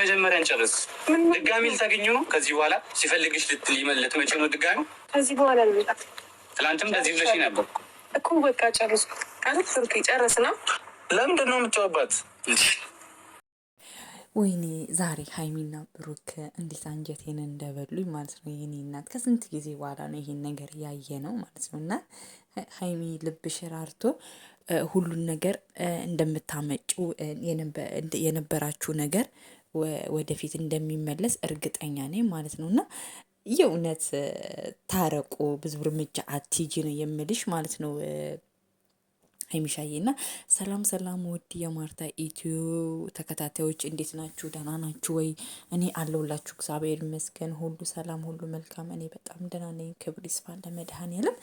መጀመሪያ እንጨርስ። ድጋሚ ልታገኘ ነው። ከዚህ በኋላ ሲፈልግሽ ልትመለት መቼ ነው? ድጋሚ ከዚህ በኋላ ልመጣ? ትላንትም እንደዚህ ብለሽ ነበር እኮ። በቃ ጨርሱ። አለት ስልክ ጨርስ ነው። ለምንድን ነው የምትወባት? ወይኔ ዛሬ ሀይሚና ብሩክ እንዴት አንጀቴን እንደበሉኝ ማለት ነው። የኔ እናት ከስንት ጊዜ በኋላ ነው ይሄን ነገር ያየ ነው ማለት ነው። እና ሀይሚ ልብ ሽራርቶ ሁሉን ነገር እንደምታመጩ የነበራችሁ ነገር ወደፊት እንደሚመለስ እርግጠኛ ነኝ ማለት ነው እና የእውነት ታረቁ፣ ብዙ እርምጃ አትጂ ነው የምልሽ ማለት ነው ሀይሚሻዬ እና ሰላም ሰላም፣ ውድ የማርታ ኢትዮ ተከታታዮች እንዴት ናችሁ? ደህና ናችሁ ወይ? እኔ አለሁላችሁ። እግዚአብሔር ይመስገን፣ ሁሉ ሰላም፣ ሁሉ መልካም። እኔ በጣም ደህና ነኝ። ክብር ይስፋ ለመድኃኔዓለም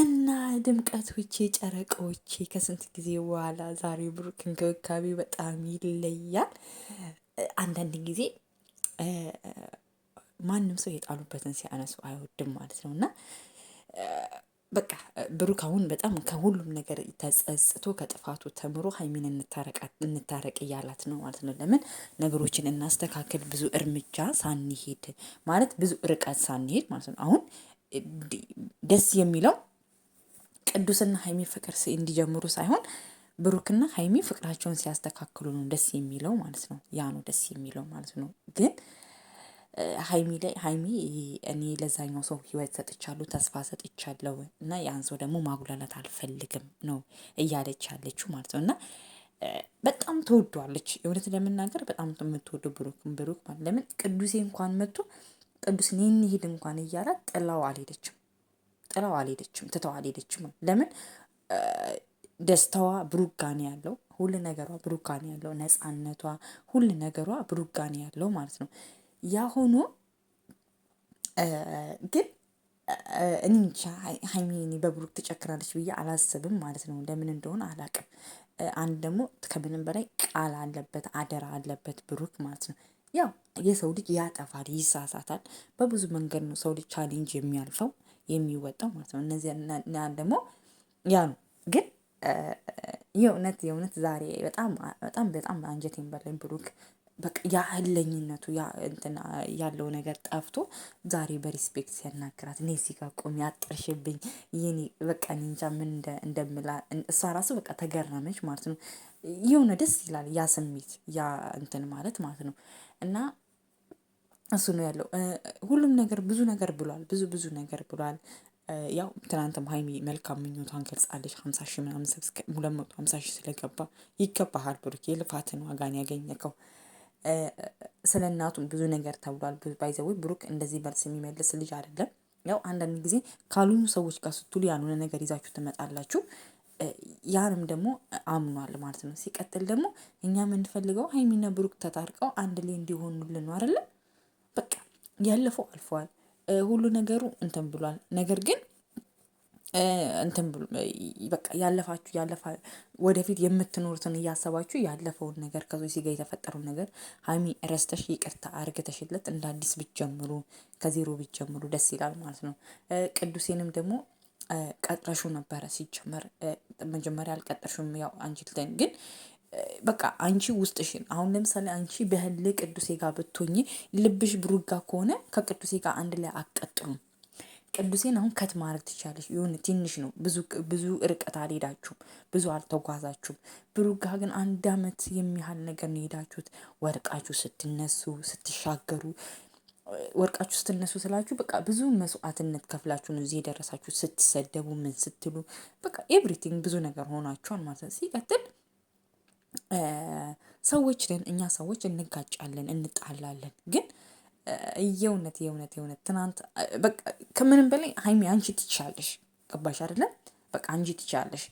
እና ድምቀቶቼ፣ ጨረቃዎቼ ከስንት ጊዜ በኋላ ዛሬ ብሩክ እንክብካቤ በጣም ይለያል። አንዳንድ ጊዜ ማንም ሰው የጣሉበትን ሲያነሱ አይወድም ማለት ነው እና በቃ ብሩክ አሁን በጣም ከሁሉም ነገር ተጸጽቶ ከጥፋቱ ተምሮ ሀይሚን እንታረቅ እያላት ነው ማለት ነው። ለምን ነገሮችን እናስተካክል ብዙ እርምጃ ሳንሄድ ማለት ብዙ ርቀት ሳንሄድ ማለት ነው። አሁን ደስ የሚለው ቅዱስና ሀይሚ ፍቅር እንዲጀምሩ ሳይሆን ብሩክና ሀይሚ ፍቅራቸውን ሲያስተካክሉ ነው ደስ የሚለው ማለት ነው። ያ ነው ደስ የሚለው ማለት ነው። ግን ሀይሚ ላይ ሀይሚ እኔ ለዛኛው ሰው ህይወት ሰጥቻለሁ፣ ተስፋ ሰጥቻለሁ እና ያን ሰው ደግሞ ማጉላላት አልፈልግም ነው እያለች ያለችው ማለት ነው እና በጣም ተወዷለች። እውነት ለመናገር በጣም የምትወደው ብሩክ ብሩክ ማለት ለምን ቅዱሴ እንኳን መጥቶ ቅዱስ እንሂድ እንኳን እያላት ጥላው አልሄደችም፣ ጥላው አልሄደችም፣ ትተው አልሄደችም። ለምን ደስታዋ ብሩክ ያለው። ሁሉ ነገሯ ብሩክ ያለው። ነፃነቷ፣ ሁሉ ነገሯ ብሩክ ያለው ማለት ነው። ያ ሆኖ ግን እኔ እንጃ በብሩክ ትጨክራለች ብዬ አላስብም ማለት ነው። ለምን እንደሆነ አላቅም። አንድ ደግሞ ከምንም በላይ ቃል አለበት አደራ አለበት ብሩክ ማለት ነው። ያው የሰው ልጅ ያጠፋል፣ ይሳሳታል። በብዙ መንገድ ነው ሰው ልጅ ቻሌንጅ የሚያልፈው የሚወጣው ማለት ነው። እነዚያ ደግሞ ያ ነው ግን የእውነት የእውነት ዛሬ በጣም በጣም በጣም አንጀቴን በላኝ ብሩክ። በቃ ያ ያለው ነገር ጠፍቶ ዛሬ በሪስፔክት ሲያናግራት እኔ እዚህ ጋር ቆሜ አጥርሽብኝ ይኔ በቃ እኔ እንጃ ምን እንደምላ እሷ ራሱ በቃ ተገረመች ማለት ነው። የሆነ ደስ ይላል ያ ስሜት ያ እንትን ማለት ማለት ነው እና እሱ ነው ያለው። ሁሉም ነገር ብዙ ነገር ብሏል ብዙ ብዙ ነገር ብሏል ያው ትናንትም ሀይሚ መልካም ምኞቷን ገልጻለች። ሀምሳ ሺ ምናምን ሰብስክራይብ ሁለት መቶ ሀምሳ ስለገባ ይገባሃል ብሩክ፣ የልፋትን ዋጋን ያገኘከው። ስለ እናቱም ብዙ ነገር ተብሏል። ባይዘዊ ብሩክ እንደዚህ መልስ የሚመልስ ልጅ አይደለም። ያው አንዳንድ ጊዜ ካሉኙ ሰዎች ጋር ስትሉ ያልሆነ ነገር ይዛችሁ ትመጣላችሁ። ያንም ደግሞ አምኗል ማለት ነው። ሲቀጥል ደግሞ እኛ የምንፈልገው ሀይሚና ብሩክ ተታርቀው አንድ ላይ እንዲሆኑልን አይደለም። በቃ ያለፈው አልፈዋል። ሁሉ ነገሩ እንትን ብሏል። ነገር ግን እንትን ብሎ በቃ ያለፋችሁ ያለፋ ወደፊት የምትኖሩትን እያሰባችሁ ያለፈውን ነገር ከሶሲ ጋር የተፈጠረውን ነገር ሀይሚ ረስተሽ ይቅርታ አርግተሽለት እንደ አዲስ ብትጀምሩ ከዜሮ ብትጀምሩ ደስ ይላል ማለት ነው። ቅዱሴንም ደግሞ ቀጥረሹ ነበረ ሲጀመር መጀመሪያ አልቀጥረሹም ያው አንችልተን ግን በቃ አንቺ ውስጥሽን አሁን ለምሳሌ አንቺ በህል ቅዱሴ ጋር ብትሆኝ ልብሽ ብሩጋ ከሆነ ከቅዱሴ ጋር አንድ ላይ አቀጥሉም ቅዱሴን አሁን ከት ማድረግ ትቻለሽ። የሆነ ትንሽ ነው፣ ብዙ ርቀት አልሄዳችሁም፣ ብዙ አልተጓዛችሁም። ብሩጋ ግን አንድ አመት የሚያህል ነገር ነው የሄዳችሁት። ወርቃችሁ ስትነሱ ስትሻገሩ ወርቃችሁ ስትነሱ ስላችሁ በቃ ብዙ መስዋዕትነት ከፍላችሁ ነው እዚህ የደረሳችሁ። ስትሰደቡ ምን ስትሉ በቃ ኤቭሪቲንግ ብዙ ነገር ሆናችኋል ማለት ነው። ሲቀጥል ሰዎች ነን እኛ ሰዎች እንጋጫለን እንጣላለን ግን የእውነት የእውነት የእውነት ትናንት በቃ ከምንም በላይ ሀይሚ አንቺ ትችያለሽ ገባሽ አይደለም በቃ አንቺ ትችያለሽ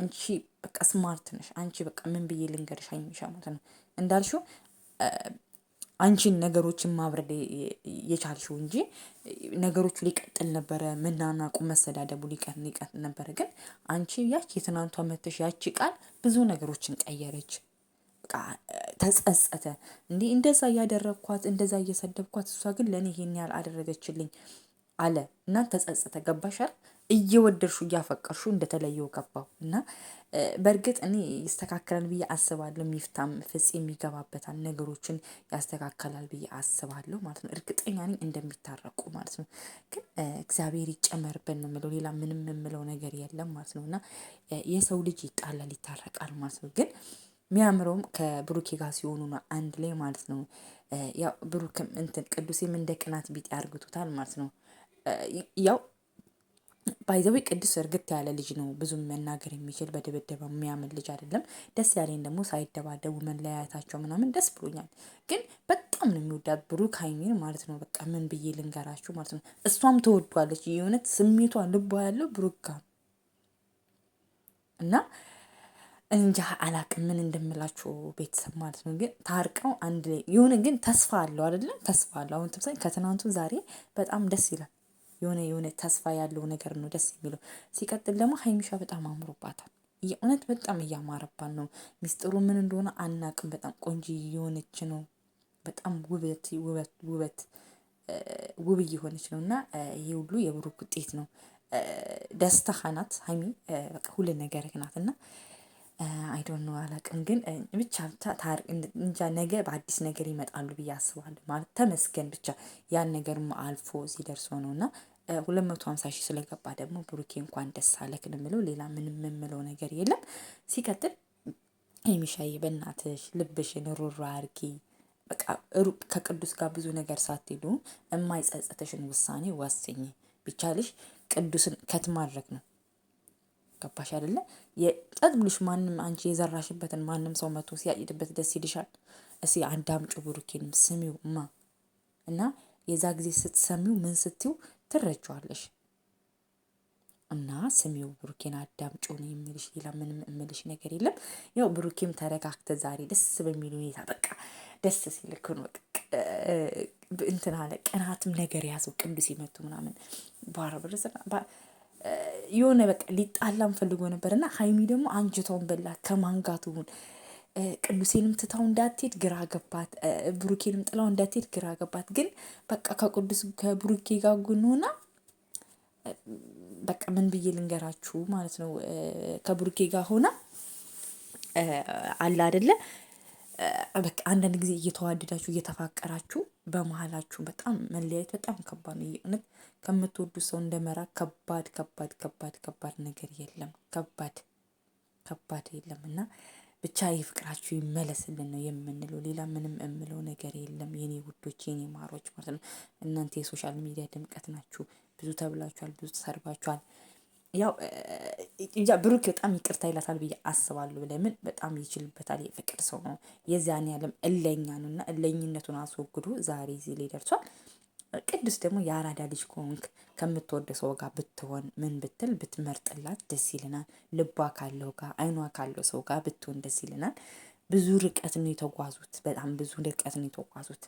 አንቺ በቃ ስማርት ነሽ አንቺ በቃ ምን ብዬ ልንገርሽ ሀይሚ ማለት ነው እንዳልሽው አንቺን ነገሮችን ማብረድ የቻልሽው እንጂ ነገሮቹ ሊቀጥል ነበረ። መናናቁ፣ መሰዳደቡ ሊቀጥል ነበረ። ግን አንቺ ያች የትናንቷ መተሽ ያቺ ቃል ብዙ ነገሮችን ቀየረች። በቃ ተጸጸተ። እንዲ እንደዛ እያደረግኳት እንደዛ እየሰደብኳት እሷ ግን ለእኔ ይሄን ያህል አደረገችልኝ አለ እና ተጸጸተ። ገባሻል? እየወደድሹ እያፈቀርሹ እንደተለየው ገባው እና በእርግጥ እኔ ይስተካከላል ብዬ አስባለሁ። ሚፍታም ፍጽ የሚገባበታል ነገሮችን ያስተካከላል ብዬ አስባለሁ ማለት ነው። እርግጠኛ ነኝ እንደሚታረቁ ማለት ነው። ግን እግዚአብሔር ይጨመርበት ነው የምለው ሌላ ምንም የምለው ነገር የለም ማለት ነው። እና የሰው ልጅ ይጣላል ይታረቃል ማለት ነው። ግን የሚያምረውም ከብሩኬ ጋር ሲሆኑ ነው አንድ ላይ ማለት ነው። ያው ብሩክም እንትን ቅዱሴም እንደ ቅናት ቢጤ አርግቶታል ማለት ነው። ያው ባይዘዊ ቅዱስ እርግት ያለ ልጅ ነው። ብዙም መናገር የሚችል በድብድብ የሚያምን ልጅ አይደለም። ደስ ያለኝ ደግሞ ሳይደባደቡ መለያየታቸው ምናምን ደስ ብሎኛል። ግን በጣም ነው የሚወዳት ብሩክ ሀይሚን ማለት ነው። በቃ ምን ብዬ ልንገራችሁ ማለት ነው። እሷም ተወዷለች። የእውነት ስሜቷ ልቧ ያለው ብሩክ ጋር እና እንጃ አላቅም ምን እንደምላችሁ ቤተሰብ ማለት ነው። ግን ታርቀው አንድ ላይ የሆነ ግን ተስፋ አለው አይደለም? ተስፋ አለው። አሁን ትምሳሌ ከትናንቱ ዛሬ በጣም ደስ ይላል። የሆነ የሆነ ተስፋ ያለው ነገር ነው ደስ የሚለው። ሲቀጥል ደግሞ ሀይሚሻ በጣም አምሮባታል። የእውነት በጣም እያማረባን ነው። ሚስጥሩ ምን እንደሆነ አናቅም። በጣም ቆንጂ የሆነች ነው። በጣም ውበት ውበት ውበት ውብ እየሆነች ነው እና ይሄ ሁሉ የብሩክ ውጤት ነው። ደስታ ናት ሀይሚ በቃ ሁሉ ነገርህ ናት እና አይዶን ነው አላውቅም፣ ግን ብቻ ብቻ እንጃ ነገ በአዲስ ነገር ይመጣሉ ብዬ አስባለሁ። ማለት ተመስገን ብቻ ያን ነገር አልፎ ሲደርሶ ነው እና ሁለት መቶ ሀምሳ ሺህ ስለገባ ደግሞ ብሩኬ እንኳን ደስ አለክ ነው የምለው ሌላ ምንም የምለው ነገር የለም። ሲቀጥል የሚሻዬ በእናትሽ ልብሽን ሩራ አርጊ። በቃ ከቅዱስ ጋር ብዙ ነገር ሳትሄዱ የማይጸጸተሽን ውሳኔ ወስኝ። ቢቻልሽ ቅዱስን ከት ማድረግ ነው። ገባሽ አይደለ? የጠጥ ማንም አንቺ የዘራሽበትን ማንም ሰው መቶ ሲያጭድበት ደስ ይልሻል? እስ አንዳምጩ ብሩኬንም ስሚው ማ እና የዛ ጊዜ ስትሰሚው ምን ስትው ትረጇዋለሽ። እና ስሜው ብሩኬን አዳምጪ ነው የምልሽ፣ ሌላ ምንም እምልሽ ነገር የለም። ያው ብሩኬም ተረጋግተ ዛሬ ደስ በሚል ሁኔታ በቃ ደስ ሲልክ ነው እንትን አለ። ቅናትም ነገር ያዘው ቅንድ ሲመቱ ምናምን ባረብርስ የሆነ በቃ ሊጣላም ፈልጎ ነበር እና ሀይሚ ደግሞ አንጅተውን በላ ከማንጋቱ ሁን ቅዱሴንም ትታው እንዳትሄድ ግራ ገባት፣ ብሩኬንም ጥላው እንዳትሄድ ግራ ገባት። ግን በቃ ከቅዱስ ከብሩኬ ጋር ጉንሆና በቃ ምን ብዬ ልንገራችሁ ማለት ነው። ከብሩኬ ጋር ሆና አለ አደለ በቃ አንዳንድ ጊዜ እየተዋደዳችሁ እየተፋቀራችሁ በመሀላችሁ በጣም መለያየት በጣም ከባድ ነው። የእውነት ከምትወዱ ሰው እንደመራ ከባድ ከባድ ከባድ ከባድ ነገር የለም። ከባድ ከባድ የለም እና ብቻ የፍቅራችሁ ይመለስልን ነው የምንለው። ሌላ ምንም እምለው ነገር የለም። የኔ ውዶች፣ የኔ ማሮች ማለት ነው። እናንተ የሶሻል ሚዲያ ድምቀት ናችሁ። ብዙ ተብላችኋል፣ ብዙ ተሰርባችኋል። ያው ብሩክ በጣም ይቅርታ ይላታል ብዬ አስባለሁ። ለምን በጣም ይችልበታል። የፍቅር ሰው ነው። የዚያን ያለም እለኛ ነው እና እለኝነቱን አስወግዶ ዛሬ እዚህ ላይ ደርሷል። ቅዱስ ደግሞ የአራዳ ልጅ ከሆንክ ከምትወደ ሰው ጋር ብትሆን ምን ብትል ብትመርጥላት ደስ ይልናል። ልቧ ካለው ጋር አይኗ ካለው ሰው ጋር ብትሆን ደስ ይልናል። ብዙ ርቀት ነው የተጓዙት። በጣም ብዙ ርቀት ነው የተጓዙት።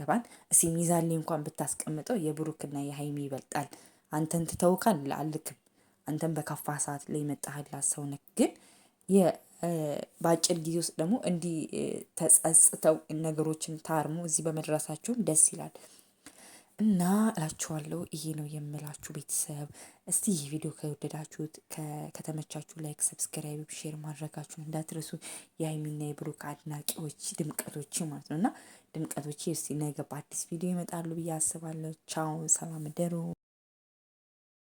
ገባን? እስኪ ሚዛን ላይ እንኳን ብታስቀምጠው የብሩክና የሀይሚ ይበልጣል። አንተን ትተውካል አልክም። አንተን በከፋ ሰዓት ላይ መጣህላት ሰው ነክ ግን በአጭር ጊዜ ውስጥ ደግሞ እንዲህ ተጸጽተው ነገሮችን ታርሞ እዚህ በመድረሳችሁም ደስ ይላል። እና እላችኋለሁ ይሄ ነው የምላችሁ ቤተሰብ። እስቲ ይህ ቪዲዮ ከወደዳችሁት ከተመቻችሁ፣ ላይክ፣ ሰብስክራይብ፣ ሼር ማድረጋችሁን እንዳትረሱ። የሀይሚና የብሩክ አድናቂዎች ድምቀቶች ማለት ነው እና ድምቀቶች እስቲ ነገ በአዲስ ቪዲዮ ይመጣሉ ብዬ አስባለሁ። ቻው፣ ሰላም ደሩ።